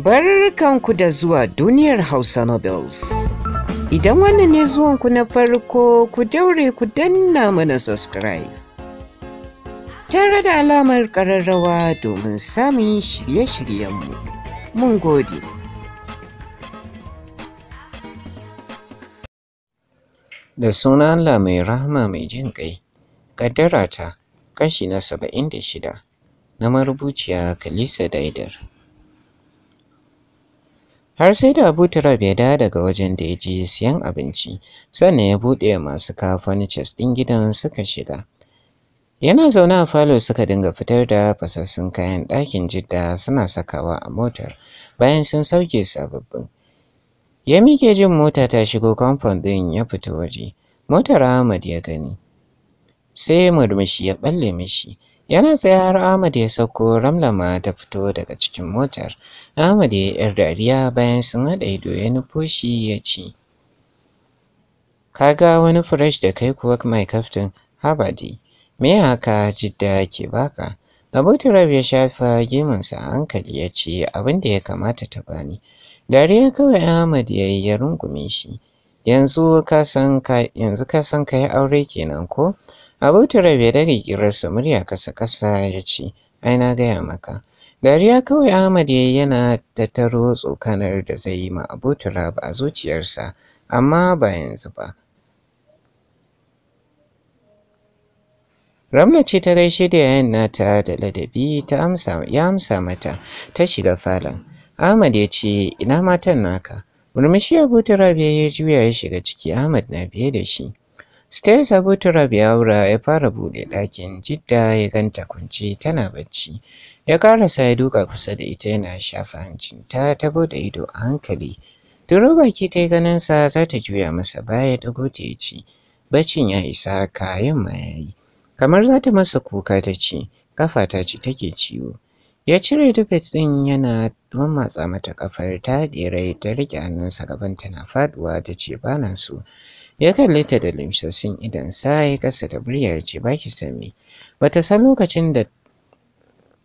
Barkanku da zuwa duniyar Hausa Nobles. Idan wannan ne zuwanku na farko ku daure ku danna mana subscribe. Tare da alamar ƙararrawa domin samun shirye-shiryenmu. Mun gode. Da suna Allah mai rahama mai jin ƙai, ƙaddara ta kashi na saba'in da shida na marubuciya Kalisa Daidar. har sai da Abu Turab ya dawo daga wajen da ya je siyan abinci sannan ya buɗe masu kawo furnitures ɗin gidan suka shiga. Yana zaune a falo suka dinga fitar da fasassun kayan ɗakin jidda suna sakawa a motar bayan sun sauke sababbin. Ya mike jin mota ta shigo kamfan ɗin ya fita waje, motar Ahmad ya gani. Sai murmushi ya ɓalle mishi. Yana sai har Ahmad ya sauko ramlama ta fito daga cikin motar. Ahmad ya yar dariya bayan sun haɗa ido ya nufo shi ya ce. Ka ga wani fresh da kai kuwa mai kaftin Habadi. Me haka jidda ke baka? Abu Turab ya shafa gemunsa a hankali ya ce abin da ya kamata ta bani. Dariya kawai Ahmad ya yi ya rungume shi. Yanzu ka san ka yi aure kenan ko? Abu bai daga dage su murya kasa ƙasa ya ce, aina gaya maka. Dariya kawai Ahmad ya yana tattaro tsokanar da zai yi ma Abu ba a zuciyarsa, amma ba yanzu ba. Ramla ce ta gaishe da yayan nata da ladabi ta amsa ya amsa mata ta shiga falon. Ahmad ya ce ina matan naka. Murmushi Abu bai ya juya ya shiga ciki Ahmad na biye da shi. Stay Sabu Turab ya ya fara buɗe ɗakin jidda ya ganta kunce tana bacci. Ya karasa ya duka kusa da ita yana shafa hancinta ta bude ido a hankali. Duro baki ta yi ganinsa za ta juya masa baya ɗago ta ya ci. Baccin ya isa kayan ma ya yi. Kamar za ta masa kuka ta ci, kafa ta ci take ciwo. Ya cire dufet ɗin yana mamatsa mata kafar ta ɗera ta riƙe hannunsa gaban tana faɗuwa ta ce ba na so. ya kalli ta da limsasin idan sai kasa da buriya ya ce baki sami bata san lokacin da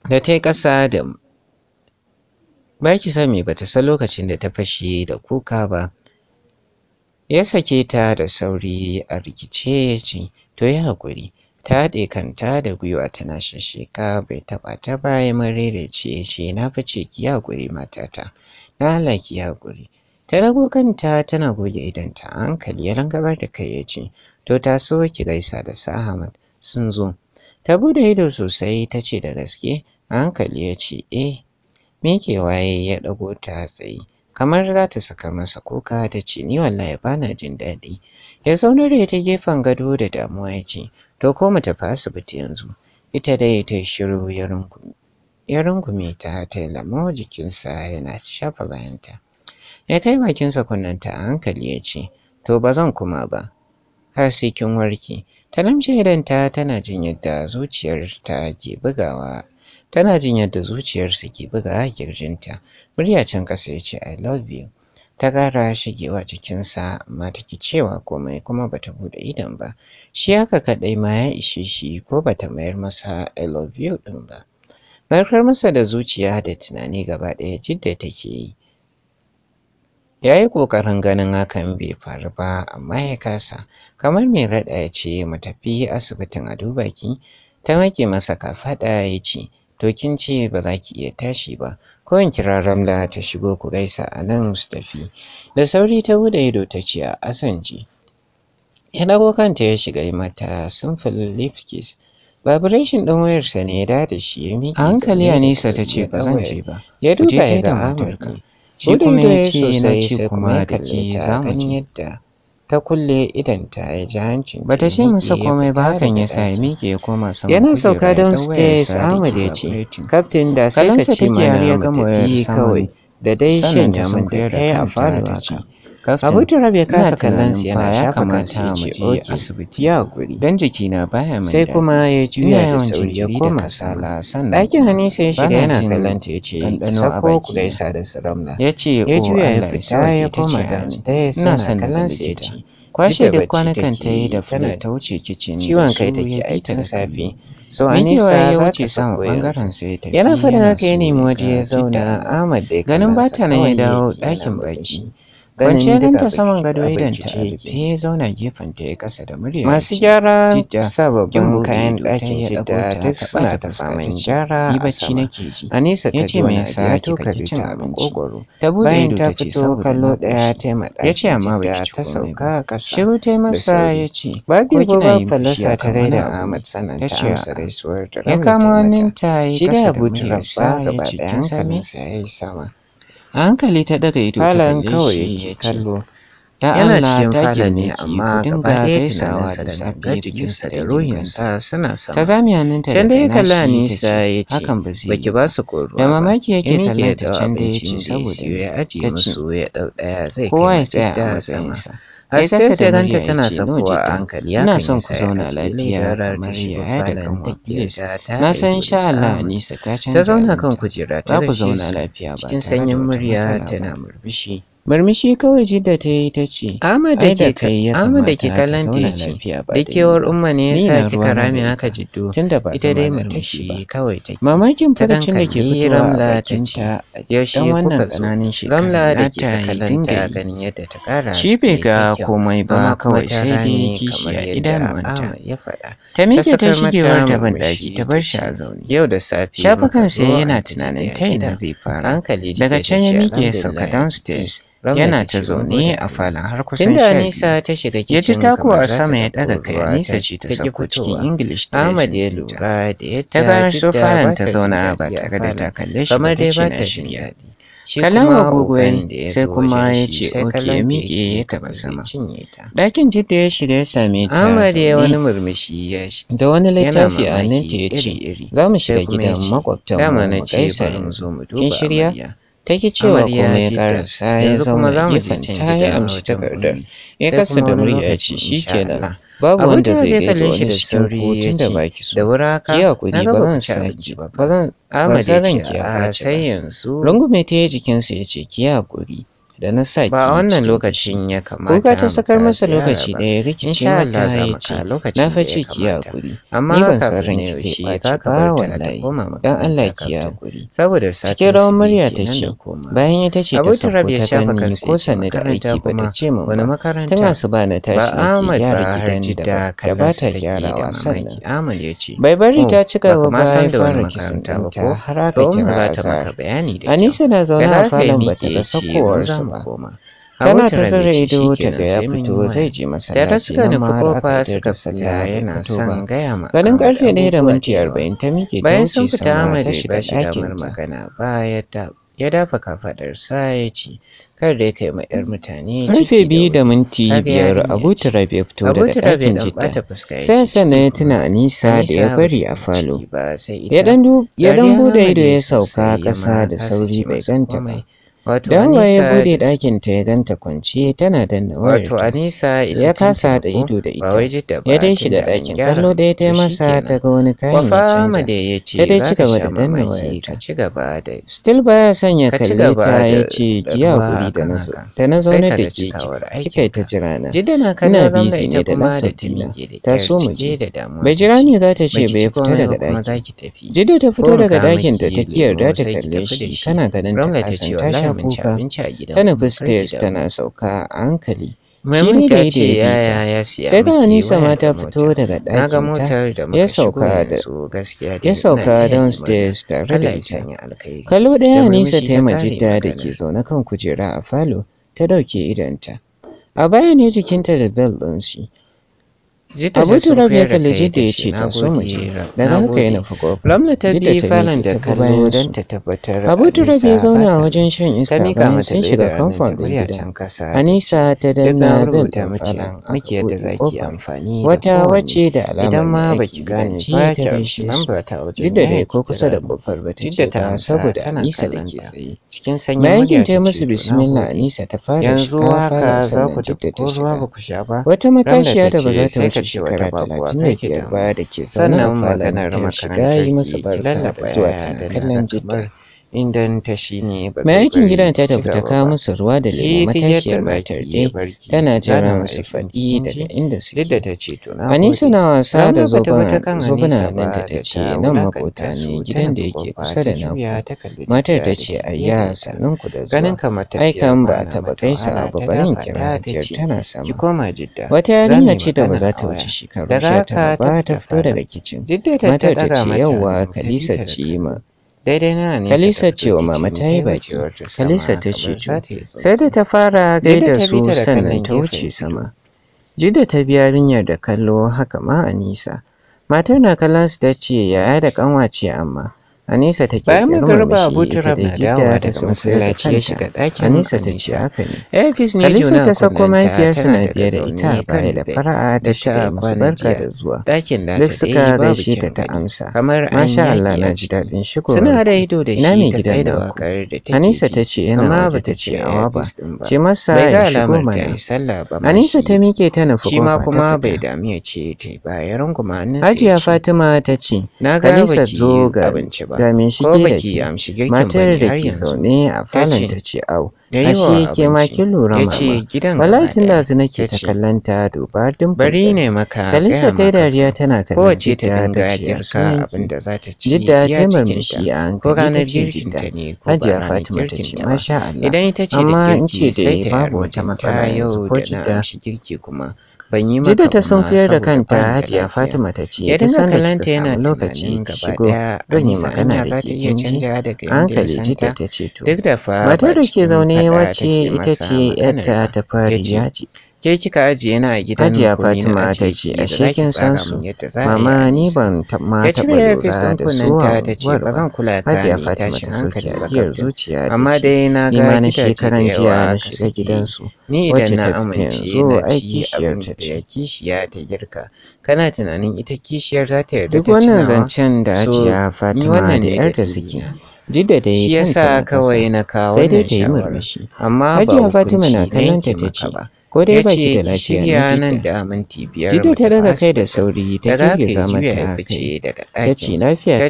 da ta kasa da baki sami bata san lokacin da ta fashe da kuka ba ya sake ta da sauri a rikice ya ce to yi hakuri ta haɗe kanta da gwiwa tana shasheka bai taɓa ta baya marere ce ya ce na fice ki haƙuri matata na halaki haƙuri Ta rago kanta tana goge idanta a hankali ya rangabar da kai ya ce, To ta so ki gaisa da su Ahmad sun zo. Ta bude ido sosai ta ce da gaske hankali ya ce, Eh, waye ya dago ta tsaye. kamar za ta saka masa kuka ta ce ni wallahi bana jin daɗi ya zaunar da ta gefen gado da damuwa ya ce to ko mu tafi asibiti yanzu ita dai ta shiru ya rungume ta ta lamo jikinsa yana shafa bayanta Ya kai bakinsa kunnanta a hankali ya ce, To ba zan kuma ba, har sai kin warke. Ta namshe idanta tana jin yadda zuciyarta ke bugawa. Tana jin yadda zuciyarsa ke bugawa kirjinta. Murya can kasa ya ce, I love you. ta gara shigewa cikinsa amma ta ki cewa komai kuma bata buɗe idon ba shi haka kaɗai ma ya ishe shi ko bata mayar masa I love you din ba barkar masa da zuciya da tunani gaba ɗaya jidda take yi ya yi ƙoƙarin ganin hakan bai faru ba amma ya kasa kamar mai raɗa ya ce mu tafi asibitin a duba ki ta make masa kafaɗa ya ce to kin ce ba za ki iya tashi ba ko in kira ramla ta shigo ku gaisa a nan su tafi da sauri ta bude ido ta ce a asanci ya dago kanta ya shiga mata simple lift kiss Vibration ɗin wayarsa ne ya da shi ya miƙe. A hankali a nisa ta ce ba zan je ba. Ya duba ya ga Amurka. shi kuma ya ce na ce kuma ya kalli ta kan yadda ta kulle idanta ya ji hancin ba ta ce masa komai ba hakan ya sa ya miƙe ya koma sama yana sauka downstairs ahmad ya ce kaftin da sai ka ce mana mu tafi kawai da dai shan yaman da kai a fara waka Abu Turab rabe kasa kallon sa yana shafa kansa ya ce oke asibiti ya guri dan jiki na baya mai sai kuma ya juya da sauri ya koma sala sannan ɗakin Hanisa ya shiga yana kallon ta ya ce sako ku gaisa da Saramla ya ce ya oh, juya ya fita ya koma downstairs suna kallon sa ya ce kwashe da kwanakan ta yi da fara ta wuce kicin ciwon kai take aikin safe so Anisa ya wuce sama bangaren sai ta yana fadin haka ya nemi waje ya zauna Ahmad da ganin bata nan ya dawo ɗakin bacci Ganin duka saman gado idan ta rufe ya zauna gefen ta ya kasa da murya. Masu gyara sababbin kayan ɗakin jidda duk suna ta faman gyara a sama. Anisa ta ji wani sa ya toka ta a makogwaro. Bayan ta fito kallo ɗaya ta yi maɗakin jidda ta sauka a ƙasa. Shiru ta yi masa ya ce. bi gobe falasa ta gaida Ahmad sanan ta amsa gaisuwar da Rabi ta mata. Shi da Abu ya yi sama. A hankali ta daga ido ta kalle shi ya ce, yana cikin falon ne amma gaba ɗaya sa da gangar jikinsa da ruhinsa suna sama. Ta zami hannunta da ya kalla sa ya ce hakan ba zai baki ba su koruwa Da mamaki yake kallon ta can da ya ce saboda ya ajiye musu ya dau daya zai kai ta da sama. har sai ganta tana sakowa a hankali ya kan son ku zauna lafiya kamar yaya da kanwa na san sha Allah nisa ta canza ta zauna kan kujera ta da shi cikin sanyin murya tana murmushi Murmushi kawai jidda ta yi ta ce, Ahmad da ke kalan ya ke ce, da umma ne ya sa kika rami haka jiddo, ita dai murmushi kawai take. Mamakin farcin da ke fitowa a bakinta ta yaushe kuka ƙananin shekaru Ramla da ke ta kalanta ganin yadda ta ƙara Shi bai ga komai ba kawai sai dai kishi a idanuwanta. Ya Ta miƙe ta shigewar ta banɗaki ta bar shi a zaune. Yau da safe. sai yana tunanin ta ina zai fara. Daga can ya miƙe sauka downstairs. yana ta zaune a falon har kusan sha nisa ta shiga kicin ya ji takuwa sama ya ɗaga kai nisa ce ta sako cikin English ta Ahmad ya lura da yadda ta gano so falon ta zauna ba tare da ta kalle shi ba ta ce na shirya kallon agogo sai kuma ya ce oke ya miƙe ya taɓa sama ɗakin jidda ya shiga ya same ta Ahmad ya wani murmushi ya shi da wani littafi a nan ta ya ce za mu shiga gidan makwabtan mu zo mu duba amarya. ta ki cewa kuma ya karasa ya zama gefen ta ya amshi takardar ya kasa da murya ce shi kenan babu wanda zai gaida wani cikin kotun da baki so ki hakuri ba zan saki ba zan ba zan ranki a sai yanzu rungume ta ya jikinsa ya ce ki hakuri da na sa ba wannan lokacin ya kamata kuka ta sakar masa lokaci ɗaya rikicin wata ya ce na face ki ya kuri. ni ban san ran ki zai ɓaci ba wallahi dan Allah ki ya kuri. saboda cikin rawar murya ta ce bayan ya tace ta sako ta fanni ko sanni da aiki ba ta ce mu tana su ba na tashi nake gyara gidan da da ba ta gyarawa sannan bai bari ta oh, ci gaba ba ya fara kisan ta har aka kira azhar Anisa na zaune a falon ba ta sakowar mu koma kana ta zara ido ta ga ya fito zai je masallaci na mara a suka salla yana son gaya ma ganin karfe ne da minti arba'in ta miƙe bayan sun fita amma ta shiga ɗakin magana ba ya ya dafa kafaɗarsa ya ce kar da ya kai ma 'yar mutane karfe biyu da minti biyar abu turab ya fito daga ɗakin jita. sai sannan ya tuna anisa da ya bari a falo ya dan buɗe ido ya sauka ƙasa da sauri bai ganta ba Wato Anisa ya bude ɗakin ta ya ganta kwance tana danna wayar. Wato Anisa ya kasa da ido da ita. Ya dai shiga ɗakin kallo da ya ta masa ta ga wani kayan ya canza. Ya dai ci gaba da danna wayar ta. Ci gaba da. Still baya son ya kalle ta ya ce ki ya guri da na Ta na zaune da ke kika ta jira na. Ina bizi ne da laptop ɗina. Ta so mu je. Bai jira ne za ta ce bai fita daga ɗakin. Jidda ta fito daga ɗakin ta ta da ta kalle shi tana ganin ta kasan ta sha kuka hannufin tana sauka a hankali Maimun ta ce ya ya siya sai kana nisa ma ta fito daga ɗakin ya sauka da ya sauka downstairs tare da ita. Kallo ɗaya nisa ta yi majidda da ke zaune kan kujera a falo ta ɗauke idanta. A baya ne jikinta da bel ɗin shi abu turab ya kalli jidda ya ce ta so mu daga haka ya nufi kofa lamla ta bi falon da kallo don ta tabbatar abu turab ya zauna wajen shan iska bayan sun shiga kamfan ɗin gida anisa ta danna bin ta falon muke da zaki amfani wata wace da alamar idan ma baki gane ba ta gaishe shi jidda dai ko kusa da kofar ba ta ce ba saboda anisa da ke tsaye cikin sanyin murya bayan ta musu bismillah anisa ta fara shiga fara sannan jita ta shiga wata matashiya da ba za ta wuce shekara talatin da biyar baya da ke zaune a falon ta shiga yi masa barka da zuwa jidda indanta shi ne ba zai bari gidan ta tafi ta kawo musu ruwa da lemu matashiyar matar dai tana jira musu faɗi daga inda suke duk da ta ce to na suna wasa da zobuna nan ta ta ce nan makota ne gidan da yake kusa da naku matar ta ce ayya sannan ku da zuwa ai kan ba ta ba kai sa ba barin kira tana sama ki koma jidda wata yarinya ce da ba za ta wuce shekaru sha tara ba ta fito daga kicin matar ta ce yauwa kalisa ce ma daidai na ne Kalisa ce wa mama ta yi baki Kalisa ta ce sai da ta fara gaida su sannan ta wuce sama Jidda ta biya rinyar da kallo haka ma a nisa matar na kallon su ta ce yaya da ce amma Anisa take bayan magarba Abuja na dawowa daga masallaci ya shiga ɗakin Anisa ta ce haka ne. Efis ne Kalisa ta sako mahaifiyarsa na biye da ita a baya da fara'a ta a kwanan barka da zuwa. Ɗakin da ta suka eh, gaishe ta ta amsa. Kamar an Masha Allah na ji daɗin shigo. Suna hada ido da shi ta tsaye da wakar da ta Anisa ta ce yana amma ba ta ce awa ba. Ce masa ya shigo mana. sallah ba Anisa ta miƙe ta nufi kuma kuma bai dami ya ce ta bayan rungumanin. Hajiya Fatima ta ce. Na ga baki abinci ba. ba ga me shige da ke matar da ke zaune a falon ta ce au shi ke ma kin lura mama wallahi da zina ke ta kallon duba din bari ne maka kalisha ta dariya tana kallon kowace ta dinga ya kirka za ta ci jidda ta murmushi a hankali ranar ta ne ko hajiya fatima ta ce masha Allah amma in ce da girki babu wata matsala yau da na shi girki kuma ban yi maka ta sun fiyar da kanta Hajiya Fatima ta ce da kanta yana lokaci shigo zan yi magana da ke kin hankali jidda ta ce to matar da ke zaune wacce ita ce yarta ta fari ya ke kika ajiye na a gidan Hajiya Fatima ta ce a shekin san su mama ni ban ma taɓa lura da su ta ce ba zan kula ka Hajiya Fatima ta soke ajiyar zuciya amma dai na ga na shekaran jiya na shiga gidansu ni idan na amince aiki shiyar ta ce kishiya ta girka kana tunanin ita kishiyar za ta yarda ta ci duk wannan zancen da Hajiya Fatima da yarda suke Jidda da ya kanta na kawo sai dai ta yi murmushi amma ba hukunci ne kallon ta ce ko dai ba shi da lafiya na jidda jidda ta daga kai da sauri ta zama ta kai ta ce lafiya ta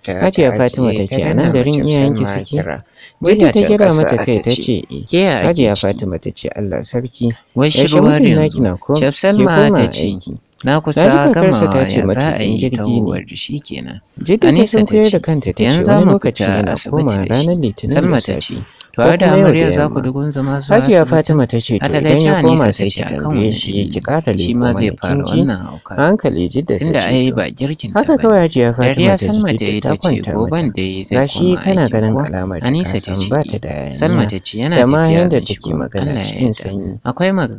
ta hajiya fatima ta ce a nan garin iyayenki suke jidda ta gira mata kai ta ce hajiya fatima ta ce allah sarki yaushe mutum naki na koma aiki Na kusa gamawa ta ce mata a yi ta wuwar shi kenan. Jidda ta sun koyar da kanta ta ce wani lokaci yana koma ranar litinin da safe. to ai da amarya za ku dugun zama su hajiya fatima ta ce to idan ya koma sai ta tambaye shi ki mana hankali jidda ta ce to haka kawai hajiya fatima ta ce ta kwanta zai koma shi kana ganin alamar ta san ba ta da yana da yanda take magana cikin sanyi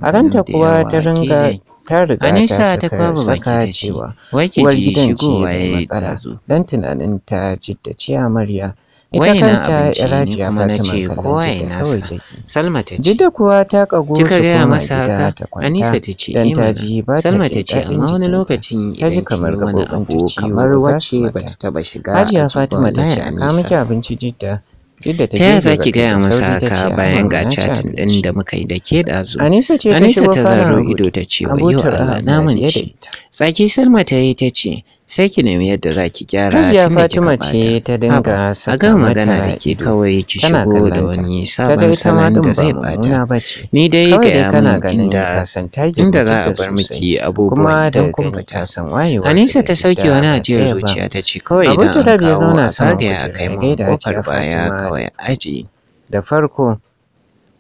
a ranta kuwa ta ringa ta riga ta saka cewa uwar gidan ce matsala don tunanin ta jidda ce amarya ita kuma na ce kowa ya nasa. Salma ta ce Jidda kuwa ta kago shi kuma gida ta kwanta Anisa ta ce dan ta ba ta Salma ta ce amma wani lokacin ta ji kamar gabobin ta yi kamar wace ba ta taba shiga Hajiya Fatima ta ce ka miki abinci Jidda ta yaya za ki gaya masa haka bayan ga chatin ɗin da muka yi da ke ɗazu? Anisa ce ta shigo fara ido ta ce wa yau Allah namun ce. Tsaki Salma ta yi ta ce sai ki nemi yadda za ki gyara Hajiya Fatima ce ta dinga saka mata magana da ke kawai ki shigo da wani sabon salon da zai bata. Ni dai ga ya mun inda inda za a bar miki abubuwa don kun fita. Anisa ta sauke wani ajiyar zuciya ta ce kawai idan an kawo a zagaya a kai mun kofar baya kawai aji. Da farko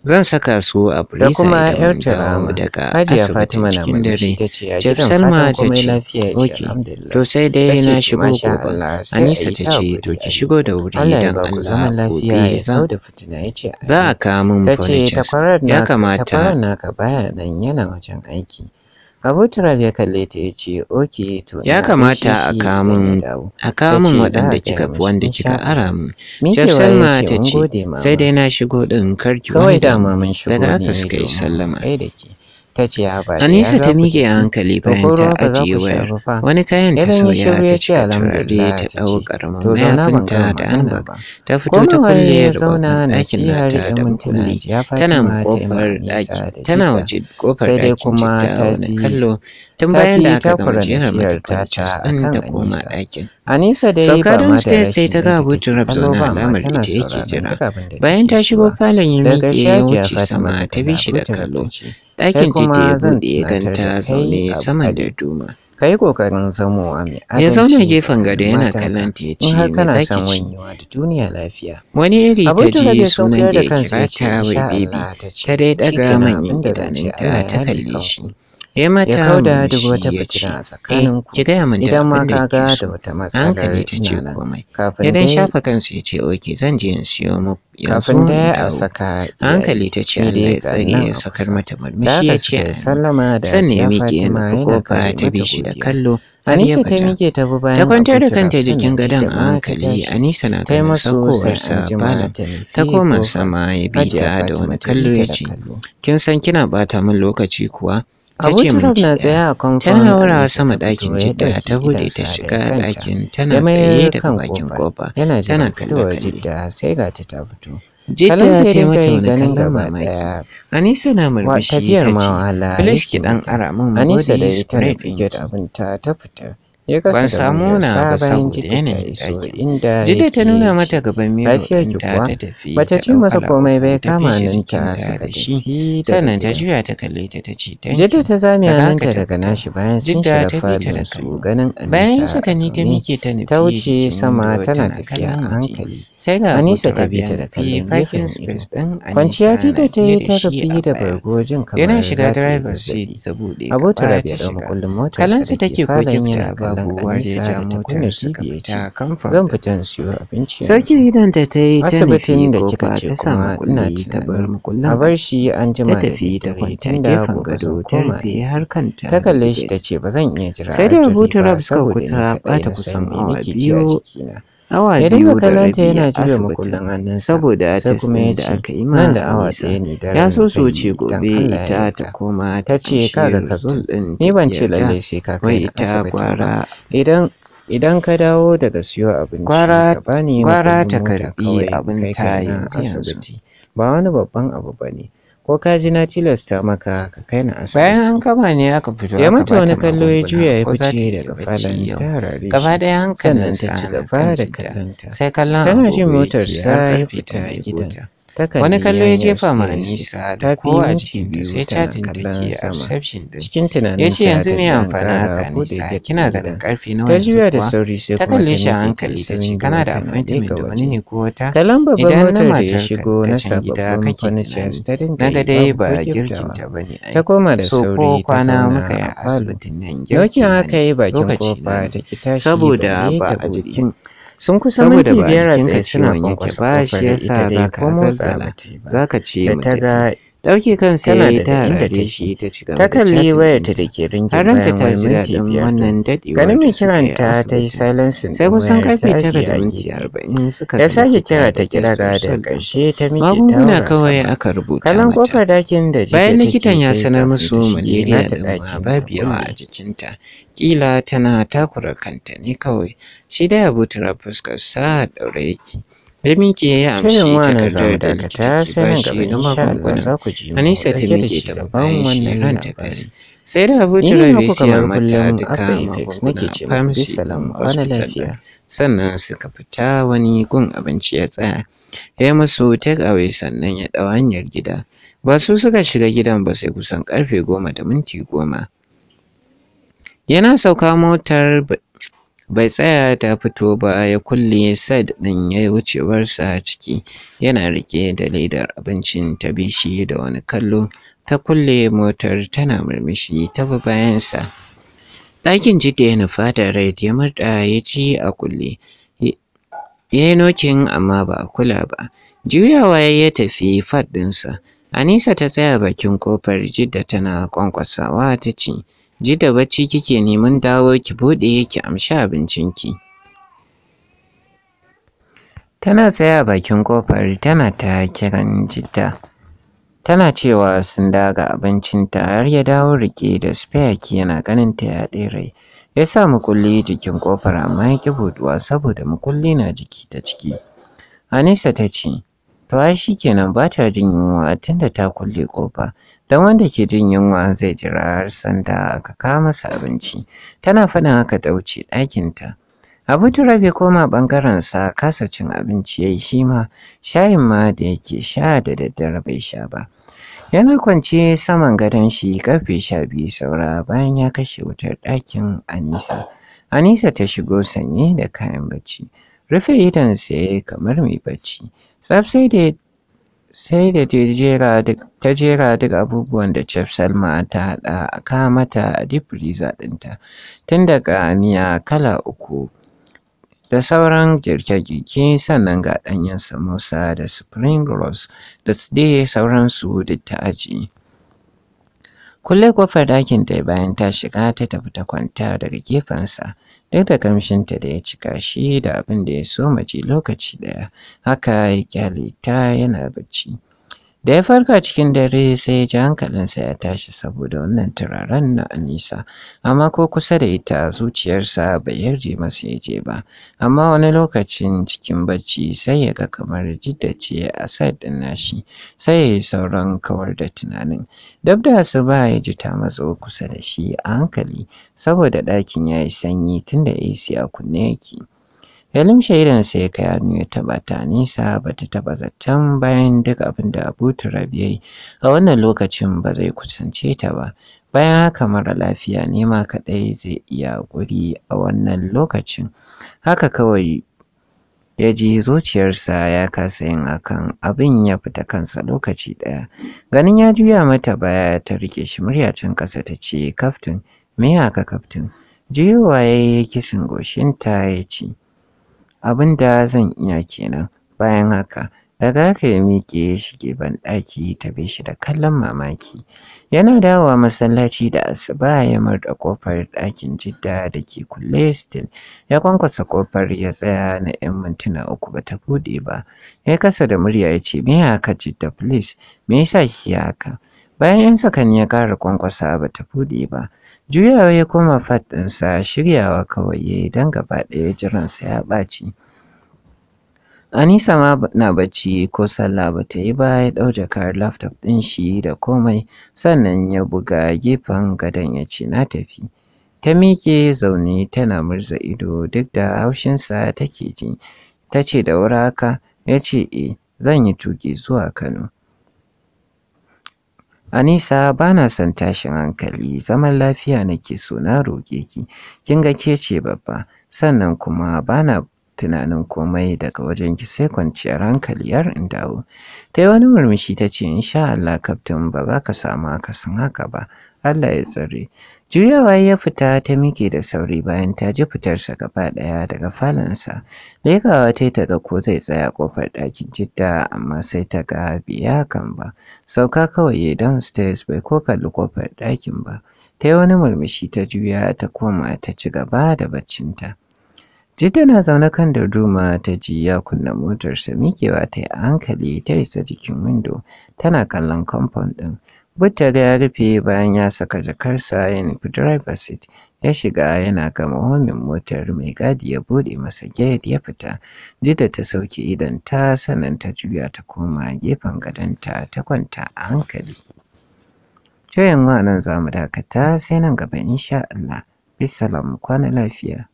zan saka su a da kuma yar tarama hajiya fatima na murmushi ta ce a gidan fatan ce lafiya ce alhamdulillah to sai dai na shigo gobe anisa ta ce to ki shigo da wuri idan allah zaman lafiya ya kawo da fitina ya ce za a kawo min furnitures ya kamata baya nan yana wajen aiki Abu Turab ya kalle ta ya ce, "Oke, to ya kamata a kamun a kamun waɗanda kika fi wanda kika ara mu." ma ta ce, "Sai dai na shigo ɗin karki wani damu daga aka suka yi sallama." ta ce haba da Anisa ta miƙe hankali bayan ta ajiye wayar wani kayan ta soya ta ce turare ta ɗau ƙaramin ta da handbag ta fito ta kulle da ɗakin nata da mutumi tana kofar ɗaki tana waje kofar ɗakin ta wani kallo tun bayan da aka gama jera ta kwanciyar ɗin ta koma ɗakin. Anisa da yi ba ma da rashin ta ga abokin rab da ta ita yake jira. Bayan ta shigo falon yin miƙe ya wuce sama ta bi shi da kallo. Ɗakin titi zan buɗe ya ganta zaune sama da duma. kai kokarin zamo a mai adalci ya zauna gefen gado yana kallon ta ya ce har kana son wanyewa da duniya lafiya wani iri ta ji sunan da ya kira ta wai bebi ta dai ɗaga manyan ta ta kalle shi ya mata da duk wata fitina a tsakanin eh, ku idan ma ka ga da wata matsalar ina nan kafin dai shafa kansu ya ce oke zan je in siyo mu kafin da ya a saka hankali ta ce Allah ya tsare ya sakar mata murmushi ya ce sallama da sannan ya miƙe kofa ta bi shi da kallo Anisa ta miƙe ta bi bayan ta kwantar da kanta jikin gadon a hankali Anisa na ganin sa, bala ta koma sama ya bi ta da wani kallo ya ce kin san kina bata min lokaci kuwa Abu na tsaye a kwamfan tana haurawa sama ɗakin jidda ta bude ta shiga ɗakin tana tsaye da bakin kofa tana kallon jidda sai ga ta ta fito. Jidda ta yi mata wani kallon mamaki. Anisa na murmushi ta ce, Filish ki ɗan ara min mu gode Anisa da ita abin ta ta fita. ya kasa ban samu na ba saboda yanayin ɗakin jide ta nuna mata gaban miro ta tafi bata ce masa komai bai kama ta saka shi sannan ta juya ta kalle ta ta ce jide ta zame ta daga nashi bayan sun shiga falon su ganin anisa bayan suka ni ta mike ta nufi ta wuce sama tana tafiya a hankali sai ga anisa ta bi ta da kallon gefen ido kwanciya da ta yi ta rubi da bargo jin kamar yana shiga driver seat saboda abotar rabi da makullin motar sa da ke falon yaran Anisa da ta kunna kifi ya zan fita in siyo abinci. sarki idan ta ta yi ta nufi da kika ce kuma ina tunanin a bar shi an jima da dare tun da gobe zan koma. Ta kalle shi ta ce ba zan iya jira a da saboda ina kaɗai na san me nake ji a awa biyu da rabi yana juya makullin hannunsa saboda ta kuma da aka yi nan da awa ɗaya ne da ya so so ce gobe ita ta koma ta ce kaga kaftin ni ban ce lallai sai ka kai ita kwara idan idan ka dawo daga siyo abinci kwara kwara ta karbi abin ta yanzu ba wani babban abu bane ko ka ji na tilasta maka ka kai na asibiti bayan an kama ne aka fito ya mata wani kallo ya juya ya fice daga falon ta harare gaba daya hankalin ta ci gaba da ta sai kallon tana jin motar sa ya fita gidan wani kallo ya jefa ma Anisa ta fi minti biyu sai cajin da ke a reception din cikin tunanin ya ce yanzu me amfani haka Anisa kina ganin karfi na wani ta da sauri sai ta kalle shi a hankali ta ce kana da appointment da wani ne ko wata kalan babban motar ya shigo na sababbin furniture ta dinga naga dai ba girkin ta bane ta koma da sauri ta kwana muka yi asibitin nan girkin lokacin haka yi bakin kofa ta ki tashi saboda ba a jikin sun kusa minti biyar a tsaye suna kwankwasa kofar ita dai komo motsa ba ta yi ba da ta ga Ɗauki kansa ya yi ta shi ta kalli wayarta da ke ringin bayan wani wannan daɗewa ganin mai kiranta ta yi silencing sai kusan karfe tara da minti arba'in suka ya sake kira ta kira ga da ƙarshe ta miƙe ta magunguna kawai aka rubuta kalan kofar dakin da bayan likitan ya sanar musu malaria da ɗaki babu yawa a jikinta kila tana takura kanta ne kawai shi dai ya butura fuskar sa daure yake da muke ya yi amshi takardar da likita ke bashi na magungunan anisa ta muke ta bayan wannan ran tabbas sai da abuja rabe siya mata da kayan magunguna pharmacy hospital sannan suka fita wani gun abinci ya tsaya ya yi masu take away sannan ya ɗau hanyar gida ba su suka shiga gidan ba sai kusan karfe goma da minti goma yana sauka motar bai tsaya ta fito ba ya kulle sad ɗin ya yi wucewarsa ciki yana riƙe da ledar abincin ta bishi da wani kallo ta kulle motar tana murmushi ta bi bayansa ɗakin jide ya nufa da ya murɗa ya ji a kulle ya yi nokin amma ba a kula ba juyawa ya yi tafi fat ɗinsa Anisa ta tsaya bakin kofar jidda tana kwankwasawa ta ce, Ji da bacci kike neman dawo ki buɗe ki amshi abincin ki. Tana tsaya bakin kofar tana ta kiran jita Tana cewa sun daga ta, har ya dawo riƙe da spayaki yana ganin ta ya ɗere. Ya sa mukulli jikin ƙofar amma ya ƙi buɗuwa saboda mukulli na jiki ta ciki. Anisa ta ce, To ai shi kenan ba ta jin yunwa tunda ta kulle ƙofa. don wanda ke jin yunwa zai jira har sanda aka kama masa abinci tana faɗin haka ta wuce ɗakinta abu bai koma ɓangarensa kasa cin abinci ya yi shi ma shayin ma da yake sha da daddare bai sha ba yana kwance saman gadon shi karfe sha biyu saura bayan ya kashe wutar ɗakin anisa anisa ta shigo sanye da kayan bacci rufe idonsa ya kamar mai bacci tsaf sai da sai da ta jera duk abubuwan da Chef Salma ta haɗa a kamata mata a deep freezer ɗinta tun daga miya kala uku da sauran girke-girke sannan ga ɗanyen samosa da spring rolls da dai sauransu da ta aji. Kulle kofar ɗakin ta bayan ta shiga ta tafi ta kwanta daga gefensa duk da kamshinta da ya cika shi da abin da ya so mace lokaci ɗaya haka ya kyale ta yana bacci Da ya farka cikin dare sai ya ji hankalinsa ya tashi saboda wannan turaren na Anisa, amma ko kusa da ita zuciyarsa bai yarje masa ya je ba, amma wani lokacin cikin bacci sai ya ga kamar jiddace a side nashi, sai ya yi sauran kawar da tunanin. Dab da ba ya ji ta matso kusa da shi a hankali saboda ɗakin ya yi sanyi tunda AC a kunne yake. ya shaidan sai ya kai ya taɓa ta nisa ba ta taɓa zaton bayan duk abin da abu turab a wannan lokacin ba zai kusance ta ba bayan haka mara lafiya ne ma kaɗai zai iya guri a wannan lokacin haka kawai ya ji zuciyarsa ya kasa yin akan abin ya fita kansa lokaci ɗaya ganin ya juya mata baya ta rike shi muryacin ƙasa ta ce kaftin me haka kaftin jiyowa ya yi kisan goshinta ya ce abin da zan iya kenan bayan haka daga haka ya miƙe ya shige banɗaki ta bi shi da kallon mamaki yana dawowa masallaci da asuba ya murda ƙofar ɗakin jidda da ke kulle still ya kwankwasa ƙofar ya tsaya na 'yan mintuna uku ba ta buɗe ba ya kasa da murya ya ce me haka jidda please me yasa ki haka bayan 'yan sakani ya ƙara kwankwasa ba ta buɗe ba Juyawa ya koma fat ɗinsa shiryawa kawai ya yi don gaba ɗaya jiransa ya ɓaci. Anisa ma na bacci ko sallah ba ta yi ba ya ɗau jakar laptop ɗin shi da komai sannan ya buga gefen gadon ya ce na tafi. Ta miƙe zaune tana murza ido duk da haushinsa take ji. Ta ce da wuraka ya ce e zan yi tuki zuwa Kano. Anisa bana son tashin hankali, zaman lafiya nake so na roƙe ki, kin ga ke ce babba, sannan kuma bana tunanin komai daga wajen ki sai kwanciyar hankali yar in dawo. Ta wani murmushi ta ce, Insha Allah, kaftin ba za ka samu akasin haka ba, Allah ya tsare. Juyawa ya fita ta mike da sauri bayan ta ji fitarsa gaba ɗaya daga falonsa. Legawa ta ta ga ko zai tsaya ƙofar ɗakin jidda amma sai ta ga biya kan ba. Sauka kawai ya downstairs bai ko kalli ƙofar ɗakin ba. Ta yi wani murmushi ta juya ta koma ta ci gaba da baccinta. Jidda na zaune kan da darduma ta ji ya kunna motarsa mikewa ta yi a hankali ta isa jikin windo tana kallon compound ɗin. da ya rufe bayan ya saka jakarsa ya nufi driver seat ya shiga yana gama homin motar mai gadi ya bude masa gate ya fita. Jida ta sauke idan ta sanan ta juya ta koma gefen gadonta ta kwanta a hankali. Cewa nan za mu dakata sai nan gaba in sha Allah. Bisalam kwana lafiya.